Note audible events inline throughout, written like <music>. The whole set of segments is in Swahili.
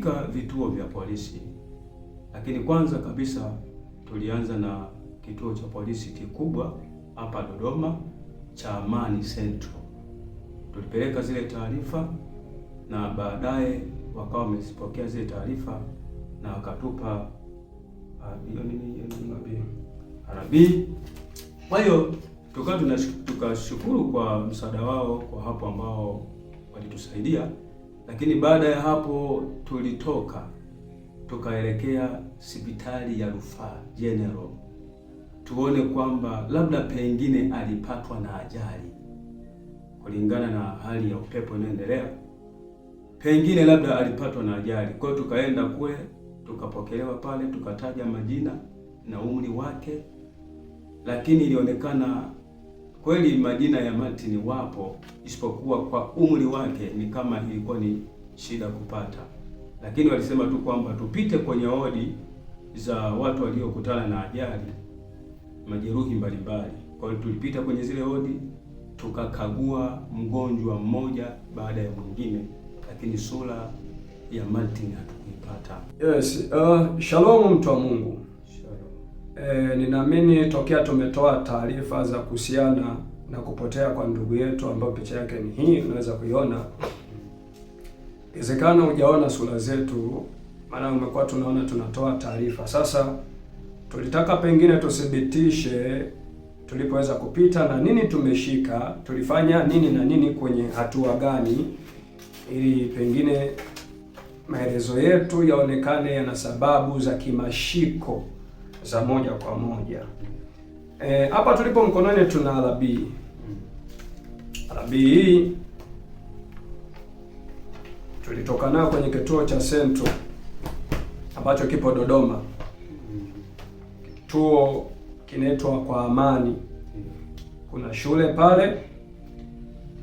katika vituo vya polisi, lakini kwanza kabisa tulianza na kituo cha polisi kikubwa hapa Dodoma cha Amani Central. Tulipeleka zile taarifa na baadaye wakawa wamezipokea zile taarifa na wakatupa ah, arabii. Kwa hiyo tukawa tunashukuru kwa msaada wao kwa hapo ambao walitusaidia. Lakini baada ya hapo tulitoka tukaelekea sipitali ya rufaa General tuone kwamba labda pengine alipatwa na ajali kulingana na hali ya upepo inaendelea, pengine labda alipatwa na ajali. Kwa hiyo tukaenda kule tukapokelewa pale, tukataja majina na umri wake, lakini ilionekana Kweli majina ya Martin wapo, isipokuwa kwa umri wake ni kama ilikuwa ni shida kupata, lakini walisema tu kwamba tupite kwenye odi za watu waliokutana na ajali, majeruhi mbalimbali. Kwa hiyo tulipita kwenye zile odi tukakagua mgonjwa mmoja baada ya mwingine, lakini sura ya Martin hatukuipata. Yes, uh, shalom mtu wa Mungu. E, ninaamini tokea tumetoa taarifa za kuhusiana na kupotea kwa ndugu yetu ambayo picha yake ni hii, unaweza kuiona. Inawezekana hujaona sura zetu, maana umekuwa tunaona tunatoa taarifa. Sasa tulitaka pengine tuthibitishe tulipoweza kupita na nini tumeshika, tulifanya nini na nini kwenye hatua gani, ili pengine maelezo yetu yaonekane yana sababu za kimashiko za moja kwa moja. E, hapa e, tulipo mkononi tuna arabi arabi hii tulitoka nayo kwenye kituo cha sento ambacho kipo Dodoma. Kituo kinaitwa Kwa Amani, kuna shule pale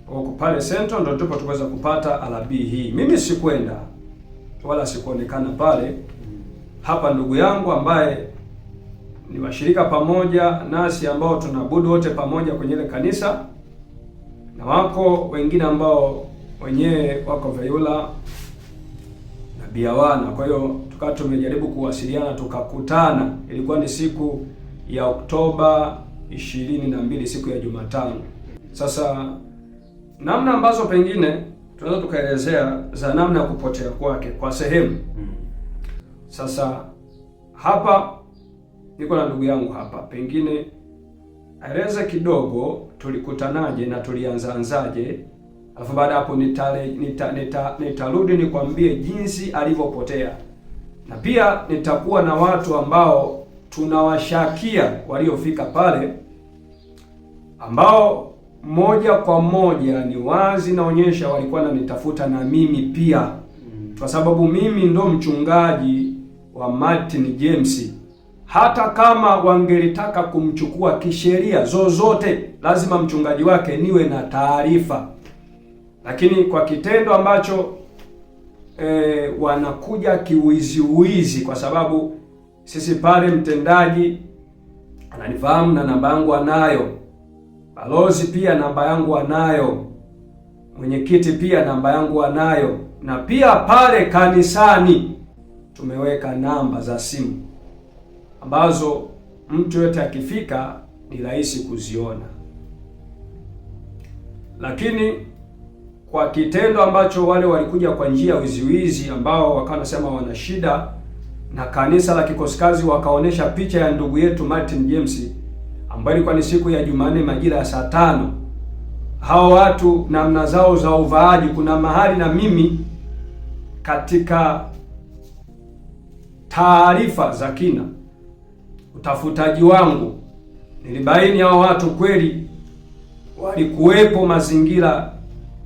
huko pale Sentro, ndio tupo tuweza kupata arabi hii. Mimi sikwenda wala sikuonekana pale. Hapa ndugu yangu ambaye ni washirika pamoja nasi ambao tunaabudu wote pamoja kwenye ile kanisa, na wako wengine ambao wenyewe wako Veyula na Biawana. Kwa hiyo tukawa tumejaribu kuwasiliana, tukakutana. Ilikuwa ni siku ya Oktoba ishirini na mbili, siku ya Jumatano. Sasa namna ambazo pengine tunaweza tukaelezea za namna ya kupotea kwake kwa sehemu. Hmm. Sasa hapa niko na ndugu yangu hapa, pengine eleza kidogo tulikutanaje na tulianzaanzaje, alafu baada hapo nitarudi nita, nita, nita nikwambie jinsi alivyopotea, na pia nitakuwa na watu ambao tunawashakia waliofika pale, ambao moja kwa moja ni wazi naonyesha walikuwa nanitafuta na mimi pia, kwa sababu mimi ndo mchungaji wa Martin James hata kama wangelitaka kumchukua kisheria zozote, lazima mchungaji wake niwe na taarifa. Lakini kwa kitendo ambacho e, wanakuja kiwiziwizi, kwa sababu sisi pale mtendaji ananifahamu na namba yangu anayo, balozi pia namba yangu anayo, mwenyekiti pia namba yangu anayo, na pia pale kanisani tumeweka namba za simu ambazo mtu yoyote akifika ni rahisi kuziona, lakini kwa kitendo ambacho wale walikuja kwa njia ya wiziwizi, ambao wakawa nasema wana shida na kanisa la Kikosikazi, wakaonyesha picha ya ndugu yetu Martin James ambayo ilikuwa ni siku ya Jumanne majira ya saa tano. Hao watu namna zao za uvaaji, kuna mahali na mimi katika taarifa za kina utafutaji wangu nilibaini hao watu kweli walikuwepo mazingira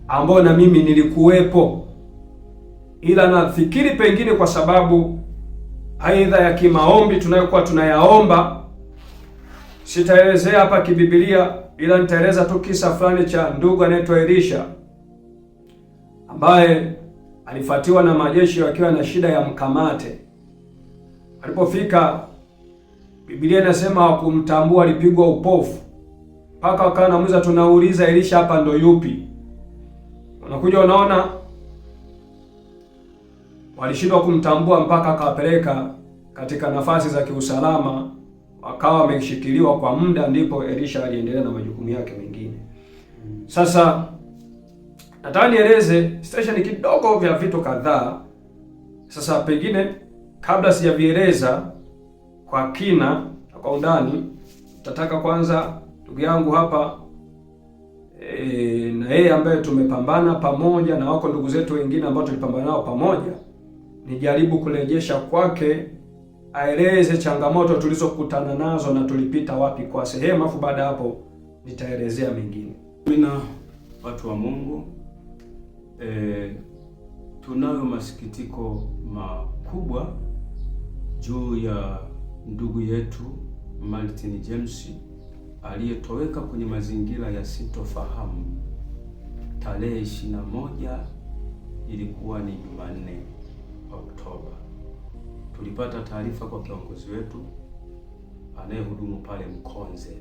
ambayo na mimi nilikuwepo, ila nafikiri pengine kwa sababu aidha ya kimaombi tunayokuwa tunayaomba. Sitaelezea hapa kibibilia, ila nitaeleza tu kisa fulani cha ndugu anaitwa Elisha ambaye alifuatiwa na majeshi wakiwa na shida ya mkamate. Alipofika Biblia inasema kumtambua, alipigwa upofu mpaka wakawa namuza, tunauliza Elisha hapa ndo yupi? Unakuja unaona walishindwa kumtambua mpaka akawapeleka katika nafasi za kiusalama, wakawa wameshikiliwa kwa muda, ndipo Elisha aliendelea na majukumu yake mengine. Sasa nataka nieleze station kidogo vya vitu kadhaa. Sasa pengine kabla sijavieleza kwa kina na kwa undani. Tataka kwanza ndugu yangu hapa e, na yeye ambaye tumepambana pamoja na wako ndugu zetu wengine ambao tulipambana nao pamoja, nijaribu kurejesha kwake, aeleze changamoto tulizokutana nazo na tulipita wapi kwa sehemu, afu baada ya hapo nitaelezea mengine. Mimi na watu wa Mungu e, tunayo masikitiko makubwa juu ya ndugu yetu Martin James aliyetoweka kwenye mazingira yasitofahamu tarehe 21, ilikuwa ni Jumanne Oktoba. Tulipata taarifa kwa kiongozi wetu anayehudumu pale Mkonze.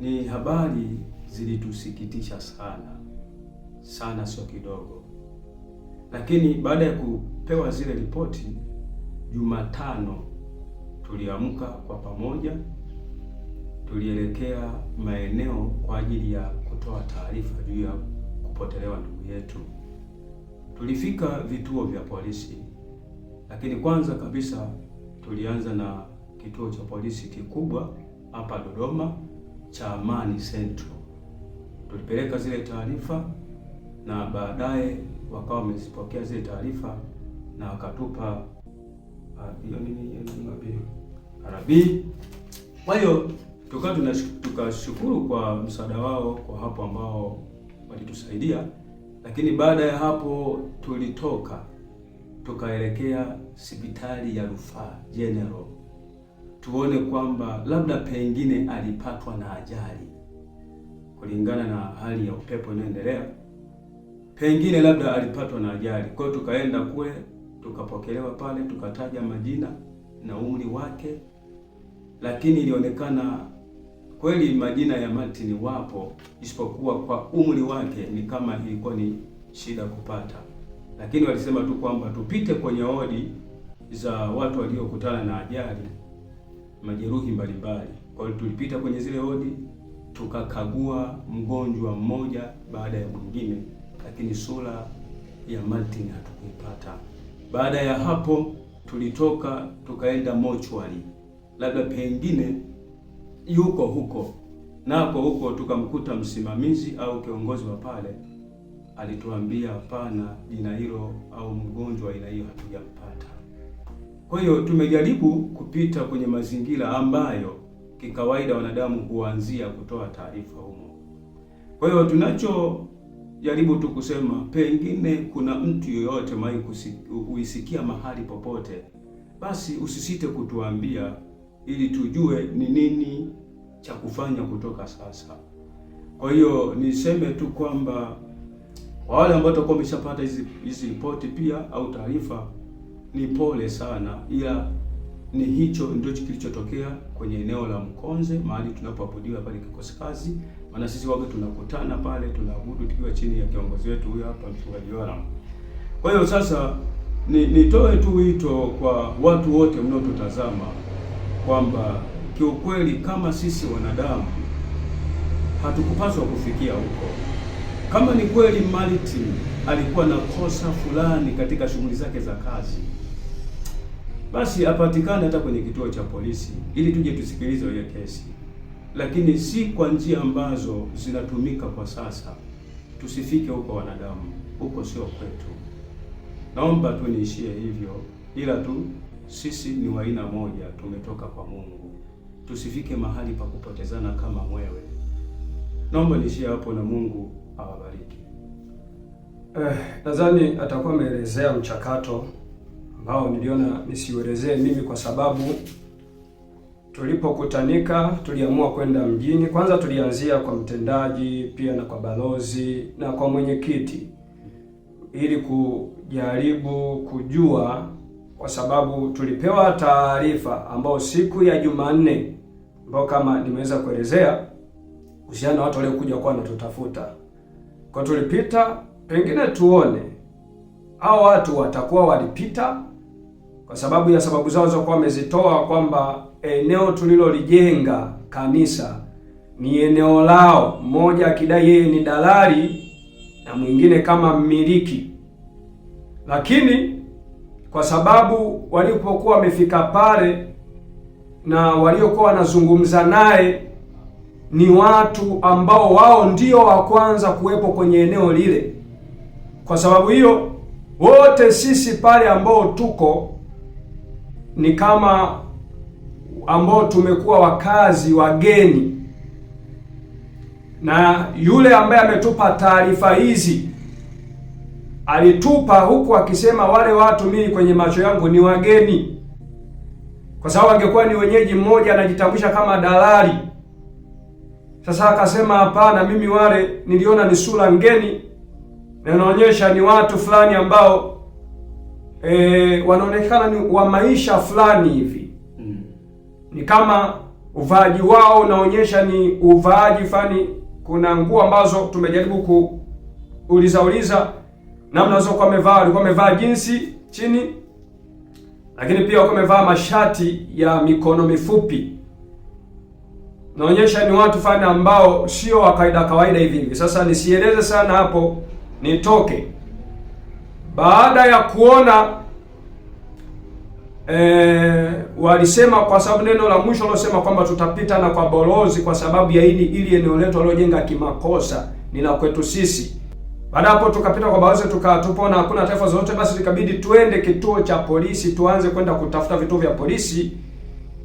Ni habari zilitusikitisha sana sana, sio kidogo. Lakini baada ya kupewa zile ripoti Jumatano tuliamka kwa pamoja, tulielekea maeneo kwa ajili ya kutoa taarifa juu ya kupotelewa ndugu yetu. Tulifika vituo vya polisi, lakini kwanza kabisa tulianza na kituo cha polisi kikubwa hapa Dodoma cha Amani Central. Tulipeleka zile taarifa na baadaye wakawa wamezipokea zile taarifa na wakatupa ah, hiyo nini, Arabi. Kwa hiyo tukawa tukashukuru kwa msaada wao kwa hapo ambao walitusaidia, lakini baada ya hapo tulitoka tukaelekea hospitali ya rufaa General tuone kwamba labda pengine alipatwa na ajali kulingana na hali ya upepo inaendelea, pengine labda alipatwa na ajali. Kwa hiyo tukaenda kule tukapokelewa pale, tukataja majina na umri wake lakini ilionekana kweli majina ya Martin wapo, isipokuwa kwa umri wake ni kama ilikuwa ni shida kupata, lakini walisema tu kwamba tupite kwenye odi za watu waliokutana na ajali, majeruhi mbalimbali. Kwa hiyo tulipita kwenye zile odi tukakagua mgonjwa mmoja baada ya mwingine, lakini sura ya Martin hatukuipata. Baada ya hapo tulitoka tukaenda mochwali labda pengine yuko huko nako huko, tukamkuta msimamizi au kiongozi wa pale alituambia hapana, jina hilo au mgonjwa aina hiyo hatujampata. Kwa hiyo tumejaribu kupita kwenye mazingira ambayo kikawaida wanadamu huanzia kutoa taarifa humo. Kwa hiyo tunachojaribu tu kusema, pengine kuna mtu yoyote mai huisikia mahali popote, basi usisite kutuambia ili tujue ni nini cha kufanya kutoka sasa. Kwa hiyo niseme tu kwamba kwa wale ambao watakuwa wameshapata hizi hizi ripoti pia au taarifa, ni pole sana, ila ni hicho ndio kilichotokea kwenye eneo la Mkonze, mahali tunapoabudiwa pale kikosi kazi. Maana sisi waga tunakutana pale tunaabudu tukiwa chini ya kiongozi wetu huyo hapa mchungaji Yoram. Kwa hiyo sasa nitoe ni tu wito kwa watu wote mnaotutazama kwamba kiukweli kama sisi wanadamu hatukupaswa kufikia huko. Kama ni kweli Martin alikuwa na kosa fulani katika shughuli zake za kazi, basi apatikane hata kwenye kituo cha polisi ili tuje tusikilize hiyo kesi, lakini si kwa njia ambazo zinatumika kwa sasa. Tusifike huko wanadamu, huko sio kwetu. Naomba tu niishie hivyo, ila tu sisi ni wa aina moja, tumetoka kwa Mungu. Tusifike mahali pa kupotezana kama mwewe. Naomba nishie hapo na Mungu awabariki. Eh, nadhani atakuwa ameelezea mchakato ambao niliona nisiuelezee mimi kwa sababu tulipokutanika tuliamua kwenda mjini. Kwanza tulianzia kwa mtendaji, pia na kwa balozi na kwa mwenyekiti ili kujaribu kujua kwa sababu tulipewa taarifa ambao siku ya Jumanne ambao kama nimeweza kuelezea kuhusiana na watu waliokuja kwa natutafuta kwa tulipita, pengine tuone hao watu watakuwa walipita kwa sababu ya sababu zao za kuwa wamezitoa kwamba eneo tulilolijenga kanisa ni eneo lao, mmoja akidai yeye ni dalali na mwingine kama mmiliki, lakini kwa sababu walipokuwa wamefika pale na waliokuwa wanazungumza naye ni watu ambao wao ndio wa kwanza kuwepo kwenye eneo lile. Kwa sababu hiyo, wote sisi pale ambao tuko ni kama ambao tumekuwa wakazi wageni, na yule ambaye ametupa taarifa hizi alitupa huku akisema wale watu mimi kwenye macho yangu ni wageni, kwa sababu angekuwa ni wenyeji, mmoja anajitambulisha kama dalali. Sasa akasema hapana, mimi wale niliona ni sura ngeni na inaonyesha ni watu fulani ambao e, wanaonekana ni wa maisha fulani hivi, mm. ni kama uvaaji wao unaonyesha ni uvaaji fulani. Kuna nguo ambazo tumejaribu kuuliza uliza namna walikuwa amevaa, alikuwa amevaa jinsi chini, lakini pia alikuwa amevaa mashati ya mikono mifupi. Naonyesha ni watu fani ambao sio wa kawaida kawaida hivi hivi. Sasa nisieleze sana hapo, nitoke baada ya kuona E, walisema kwa sababu neno la mwisho lilosema kwamba tutapita na kwa bolozi kwa sababu ya ili ili eneo letu waliojenga kimakosa ni la kwetu sisi. Baada hapo tukapita kwa balozi tukatupona hakuna taarifa zozote, basi ikabidi tuende kituo cha polisi, tuanze kwenda kutafuta vituo vya polisi,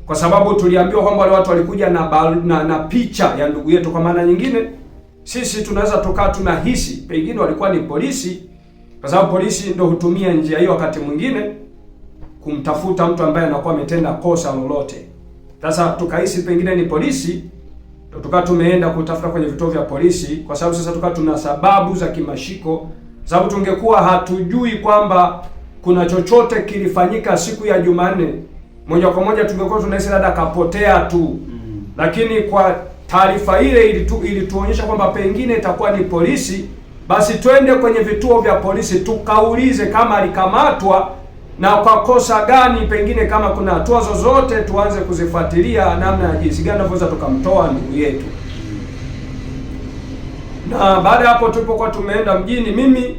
kwa sababu tuliambiwa kwamba wale watu walikuja na, balu, na na picha ya ndugu yetu. Kwa maana nyingine, sisi tunaweza tukaa tunahisi pengine walikuwa ni polisi, kwa sababu polisi ndio hutumia njia hiyo wakati mwingine kumtafuta mtu ambaye anakuwa ametenda kosa lolote. Sasa tukahisi pengine ni polisi tukawa tumeenda kutafuta kwenye vituo vya polisi, kwa sababu sasa tukawa tuna sababu za kimashiko, sababu tungekuwa hatujui kwamba kuna chochote kilifanyika siku ya Jumanne, moja kwa moja tungekuwa tunahisi labda kapotea tu mm -hmm. Lakini kwa taarifa ile ilitu, ilituonyesha kwamba pengine itakuwa ni polisi, basi twende kwenye vituo vya polisi tukaulize kama alikamatwa na kwa kosa gani, pengine kama kuna hatua zozote tuanze kuzifuatilia, namna ya jinsi gani tunaweza tukamtoa ndugu yetu. Na baada ya hapo, tulipokuwa tumeenda mjini, mimi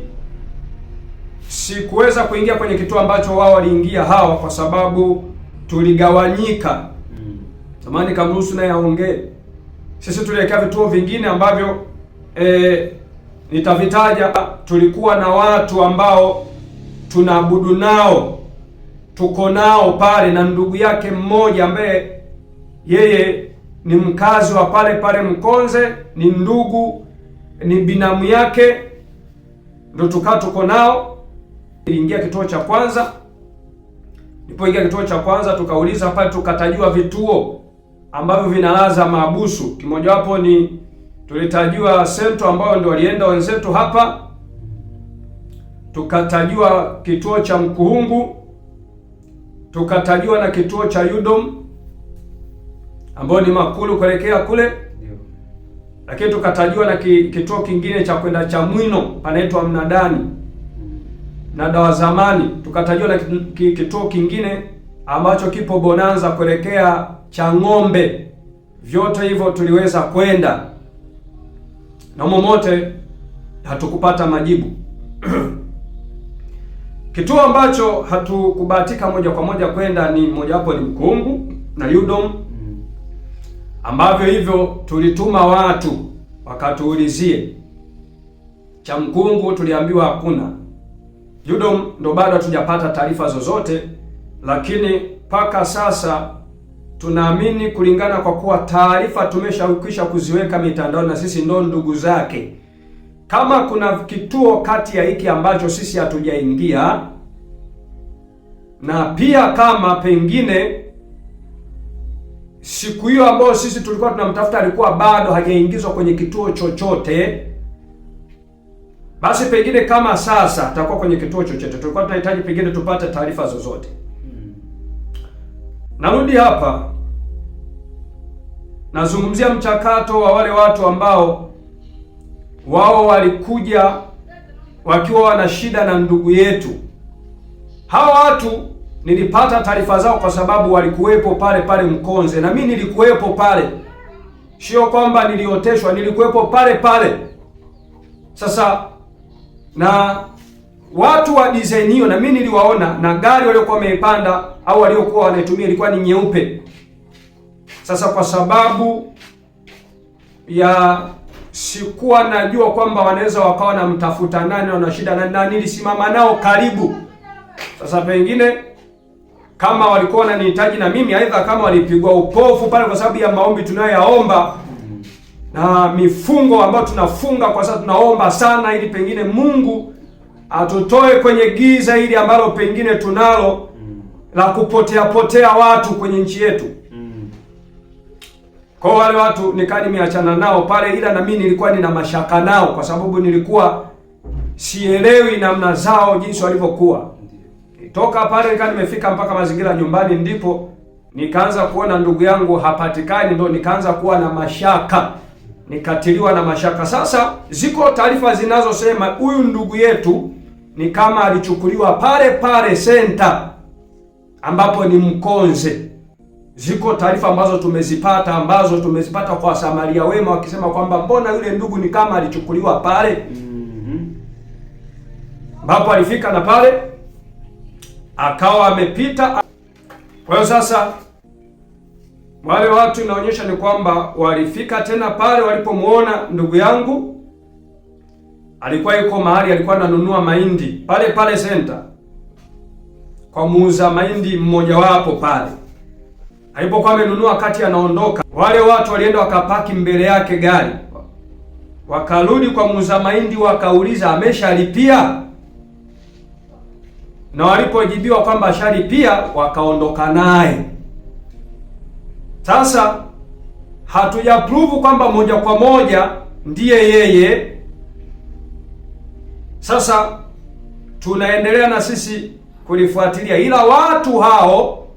sikuweza kuingia kwenye kituo ambacho wao waliingia hawa, kwa sababu tuligawanyika. Tamani kamruhusu naye aongee. Sisi tulielekea vituo vingine ambavyo e, nitavitaja. Tulikuwa na watu ambao tunaabudu nao, tuko nao pale na ndugu yake mmoja ambaye yeye ni mkazi wa pale pale Mkonze, ni ndugu, ni binamu yake, ndo tukaa tuko nao. Iliingia kituo cha kwanza, nilipoingia kituo cha kwanza tukauliza pale, tukatajua vituo ambavyo vinalaza maabusu. Kimojawapo ni tulitajua sento ambayo ndio walienda wenzetu hapa tukatajua kituo cha Mkuhungu, tukatajua na kituo cha Yudom ambayo ni Makulu kuelekea kule, lakini tukatajua na kituo kingine cha kwenda cha Mwino panaitwa Mnadani na dawa zamani, tukatajua na kituo kingine ambacho kipo Bonanza kuelekea cha Ng'ombe. Vyote hivyo tuliweza kwenda na umo hatukupata majibu <clears throat> Kituo ambacho hatukubahatika moja kwa moja kwenda ni mojawapo ni Mkungu na Yudom, mm. ambavyo hivyo tulituma watu wakatuulizie. Cha Mkungu tuliambiwa hakuna, Yudom ndo bado hatujapata taarifa zozote, lakini mpaka sasa tunaamini kulingana kwa kuwa taarifa tumeshakwisha kuziweka mitandao na sisi ndo ndugu zake kama kuna kituo kati ya hiki ambacho sisi hatujaingia, na pia kama pengine siku hiyo ambayo sisi tulikuwa tunamtafuta alikuwa bado hajaingizwa kwenye kituo chochote, basi pengine kama sasa atakuwa kwenye kituo chochote, tulikuwa tunahitaji pengine tupate taarifa zozote. Hmm. Narudi hapa, nazungumzia mchakato wa wale watu ambao wao walikuja wakiwa wana shida na ndugu yetu. Hawa watu nilipata taarifa zao kwa sababu walikuwepo pale pale Mkonze, na mimi nilikuwepo pale, sio kwamba nilioteshwa, nilikuwepo pale pale. Sasa na watu wa design hiyo, na mimi niliwaona, na gari waliokuwa wameipanda au waliokuwa wanaitumia ilikuwa ni nyeupe. Sasa kwa sababu ya sikuwa najua kwamba wanaweza wakawa namtafuta nani, wana shida nani, na nilisimama nao karibu. Sasa pengine kama walikuwa wananihitaji na mimi, aidha kama walipigwa upofu pale kwa sababu ya maombi tunayoyaomba na mifungo ambayo tunafunga kwa sababu tunaomba sana, ili pengine Mungu atutoe kwenye giza ili ambalo pengine tunalo la kupotea potea watu kwenye nchi yetu. Kwa wale watu nikaa nimeachana nao pale, ila na mimi nilikuwa nina mashaka nao, kwa sababu nilikuwa sielewi namna zao jinsi walivyokuwa. Toka pale nikaa nimefika mpaka mazingira nyumbani, ndipo nikaanza kuona ndugu yangu hapatikani, ndo nikaanza kuwa na mashaka, nikatiliwa na mashaka. Sasa ziko taarifa zinazosema huyu ndugu yetu ni kama alichukuliwa pale pale senta ambapo ni Mkonze Ziko taarifa ambazo tumezipata ambazo tumezipata kwa Samaria wema wakisema kwamba mbona yule ndugu ni kama alichukuliwa pale mhm. ambapo mm -hmm. alifika na pale akawa amepita. Kwa hiyo sasa wale watu inaonyesha ni kwamba walifika tena pale walipomwona ndugu yangu alikuwa yuko mahali alikuwa ananunua mahindi pale pale senta kwa muuza mahindi mmojawapo pale Alipokuwa amenunua kati anaondoka, wale watu walienda wakapaki mbele yake gari, wakarudi kwa muuza mahindi wakauliza ameshalipia, na walipojibiwa kwamba ashalipia wakaondoka naye. Sasa hatujapruvu kwamba moja kwa moja ndiye yeye. Sasa tunaendelea na sisi kulifuatilia, ila watu hao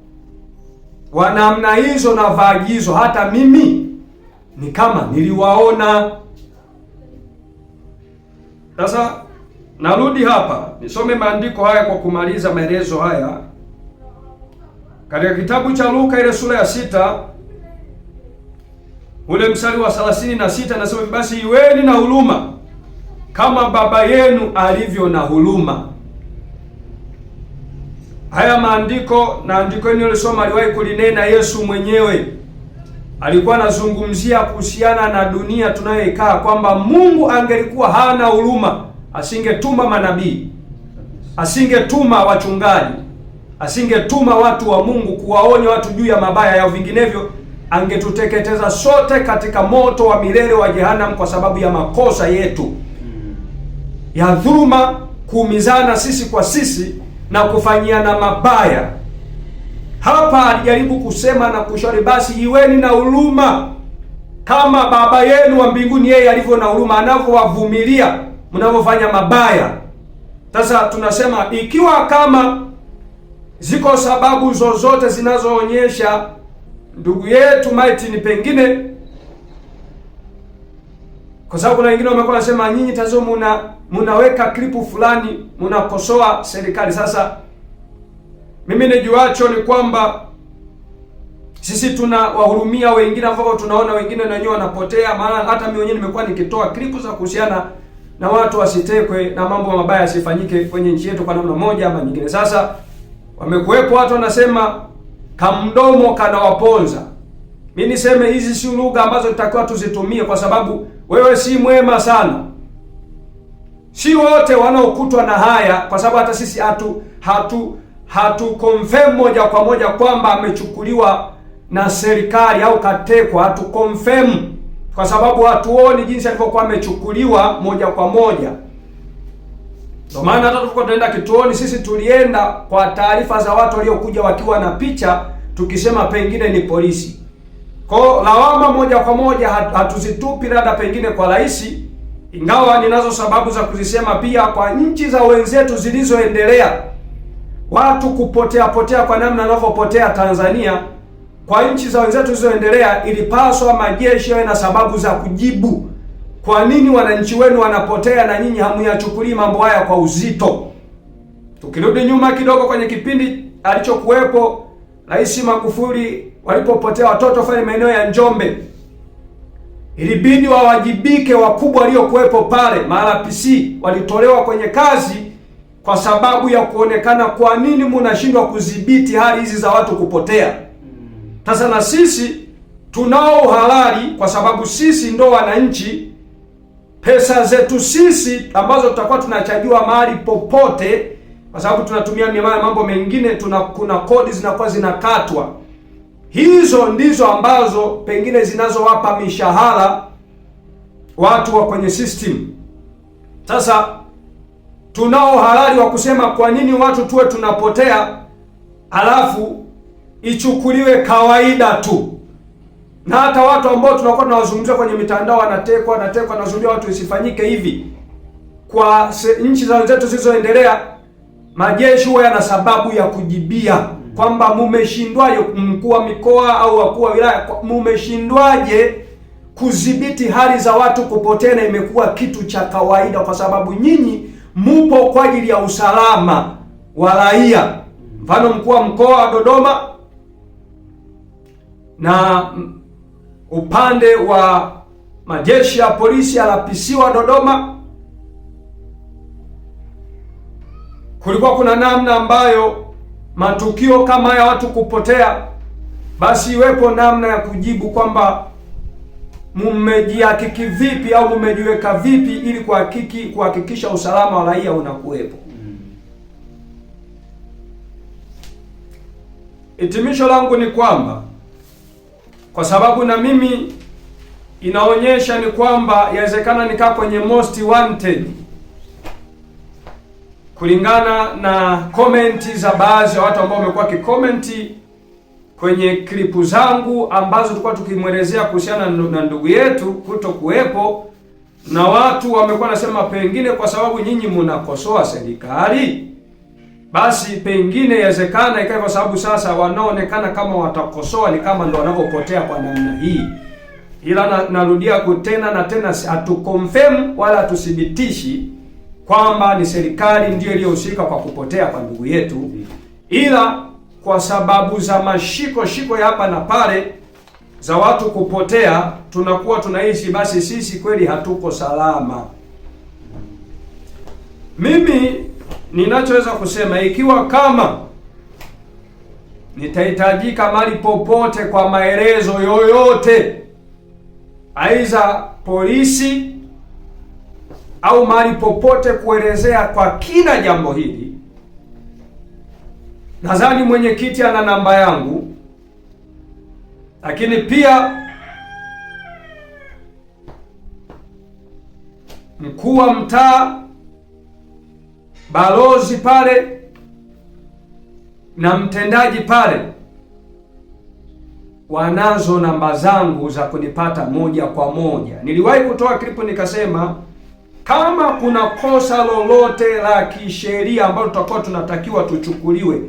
wa namna hizo na vaagizo, hata mimi ni kama niliwaona. Sasa narudi hapa nisome maandiko haya kwa kumaliza maelezo haya katika kitabu cha Luka ile sura ya sita ule mstari wa 36 nasema, basi iweni na huruma kama baba yenu alivyo na huruma. Haya maandiko na andiko nilisoma aliwahi kulinena Yesu mwenyewe, alikuwa anazungumzia kuhusiana na dunia tunayoikaa, kwamba Mungu angelikuwa hana huruma, asingetuma manabii, asingetuma wachungaji, asingetuma watu wa Mungu kuwaonya watu juu ya mabaya yao, vinginevyo angetuteketeza sote katika moto wa milele wa jehanamu kwa sababu ya makosa yetu ya dhuluma, kuumizana sisi kwa sisi na kufanyiana mabaya. Hapa alijaribu kusema na kushauri, basi iweni na huruma kama Baba yenu wa mbinguni yeye alivyo na huruma, anavyowavumilia mnavyofanya mabaya. Sasa tunasema ikiwa kama ziko sababu zozote zinazoonyesha ndugu yetu Martin pengine kwa sababu kuna wengine wamekuwa wanasema nyinyi tazo muna mnaweka klipu fulani mnakosoa serikali. Sasa mimi nijuacho ni kwamba sisi tuna wahurumia wengine ambao tunaona wengine na wenyewe wanapotea, maana hata mimi mwenyewe nimekuwa nikitoa klipu za kuhusiana na watu wasitekwe na mambo mabaya yasifanyike kwenye nchi yetu kwa namna moja ama nyingine. Sasa wamekuwepo watu wanasema kamdomo kanawaponza. Mimi niseme hizi si lugha ambazo tutakiwa tuzitumie kwa sababu wewe si mwema sana. Si wote wanaokutwa na haya, kwa sababu hata sisi hatu hatu confirm moja kwa moja kwamba amechukuliwa na serikali au katekwa, confirm kwa sababu hatuoni jinsi alivyokuwa amechukuliwa moja kwa moja. Ndio maana hata tulikuwa tunaenda kituoni, sisi tulienda kwa taarifa za watu waliokuja wakiwa na picha, tukisema pengine ni polisi. Kwa lawama moja kwa moja hatuzitupi labda pengine kwa rais, ingawa ninazo sababu za kuzisema pia kwa nchi za wenzetu zilizoendelea, watu kupotea potea kwa namna anavyopotea Tanzania. Kwa nchi za wenzetu zilizoendelea, ilipaswa majeshi yawe na sababu za kujibu kwa nini wananchi wenu wanapotea na nyinyi hamuyachukulii mambo haya kwa uzito. Tukirudi nyuma kidogo kwenye kipindi alichokuwepo Rais Magufuli walipopotea watoto fulani maeneo ya Njombe, ilibidi wawajibike wakubwa waliokuwepo pale, maana PC walitolewa kwenye kazi kwa sababu ya kuonekana, kwa nini munashindwa kudhibiti hali hizi za watu kupotea? Sasa na sisi tunao uhalali kwa sababu sisi ndo wananchi, pesa zetu sisi ambazo tutakuwa tunachajiwa mahali popote, kwa sababu tunatumia miamala, mambo mengine tuna, kuna kodi zinakuwa zinakatwa Hizo ndizo ambazo pengine zinazowapa mishahara watu wa kwenye system. Sasa tunao halali wa kusema kwa nini watu tuwe tunapotea, alafu ichukuliwe kawaida tu, na hata watu ambao tunakuwa tunawazungumzia kwenye mitandao wanatekwa, wanatekwa, wanazulia watu, isifanyike hivi kwa nchi za wenzetu zilizoendelea. Majeshi huwa yana sababu ya kujibia kwamba mumeshindwaje, mkuu wa mikoa au wakuu wa wilaya, mumeshindwaje kudhibiti hali za watu kupotea, na imekuwa kitu cha kawaida, kwa sababu nyinyi mupo kwa ajili ya usalama wa raia. Mfano, mkuu wa mkoa wa Dodoma na upande wa majeshi ya polisi RPC wa Dodoma, kulikuwa kuna namna ambayo matukio kama ya watu kupotea, basi iwepo namna ya kujibu kwamba mmejihakiki vipi au mmejiweka vipi ili kuhakiki kuhakikisha usalama wa raia unakuwepo. Hitimisho langu ni kwamba kwa sababu na mimi inaonyesha ni kwamba yawezekana nikaa kwenye most wanted kulingana na komenti za baadhi ya watu ambao wamekuwa kikomenti kwenye klipu zangu ambazo tulikuwa tukimwelezea kuhusiana na ndugu yetu kuto kuwepo, na watu wamekuwa nasema pengine kwa sababu nyinyi mnakosoa serikali, basi pengine yawezekana ikawa kwa sababu sasa wanaonekana kama watakosoa ni kama ndo wanavyopotea kwa namna hii. Ila narudia kutena na tena, hatukonfirm wala atusibitishi kwamba ni serikali ndiyo iliyohusika kwa kupotea kwa ndugu yetu, ila kwa sababu za mashiko shiko ya hapa na pale za watu kupotea, tunakuwa tunaishi basi sisi kweli hatuko salama. Mimi ninachoweza kusema ikiwa kama nitahitajika mali popote kwa maelezo yoyote, aidha polisi au mahali popote kuelezea kwa kina jambo hili. Nadhani mwenyekiti ana namba yangu, lakini pia mkuu wa mtaa, balozi pale na mtendaji pale wanazo namba zangu za kunipata moja kwa moja. Niliwahi kutoa klipu nikasema kama kuna kosa lolote la kisheria ambalo tutakuwa tunatakiwa tuchukuliwe,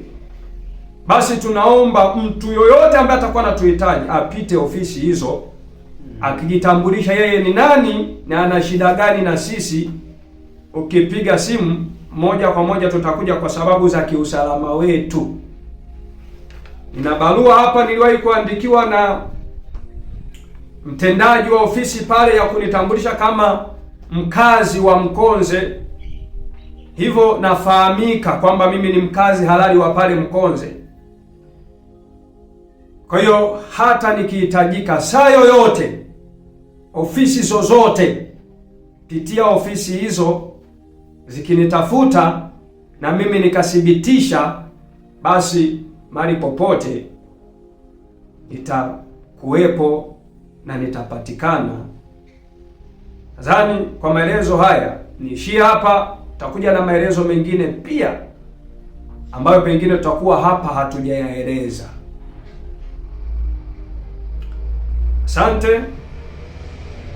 basi tunaomba mtu yoyote ambaye atakuwa anatuhitaji apite ofisi hizo akijitambulisha yeye ni nani na ana shida gani na sisi. Ukipiga simu moja kwa moja tutakuja kwa sababu za kiusalama wetu. Nina barua hapa niliwahi kuandikiwa na mtendaji wa ofisi pale ya kunitambulisha kama mkazi wa Mkonze, hivyo nafahamika kwamba mimi ni mkazi halali wa pale Mkonze. Kwa hiyo hata nikihitajika saa yoyote, ofisi zozote, pitia ofisi hizo, zikinitafuta na mimi nikathibitisha, basi mahali popote nitakuwepo na nitapatikana. Nadhani kwa maelezo haya niishie hapa, takuja na maelezo mengine pia ambayo pengine tutakuwa hapa hatujayaeleza. Asante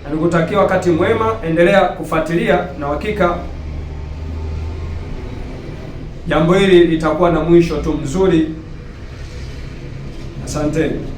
na nikutakia wakati mwema, endelea kufuatilia na hakika jambo hili litakuwa na mwisho tu mzuri. Asanteni.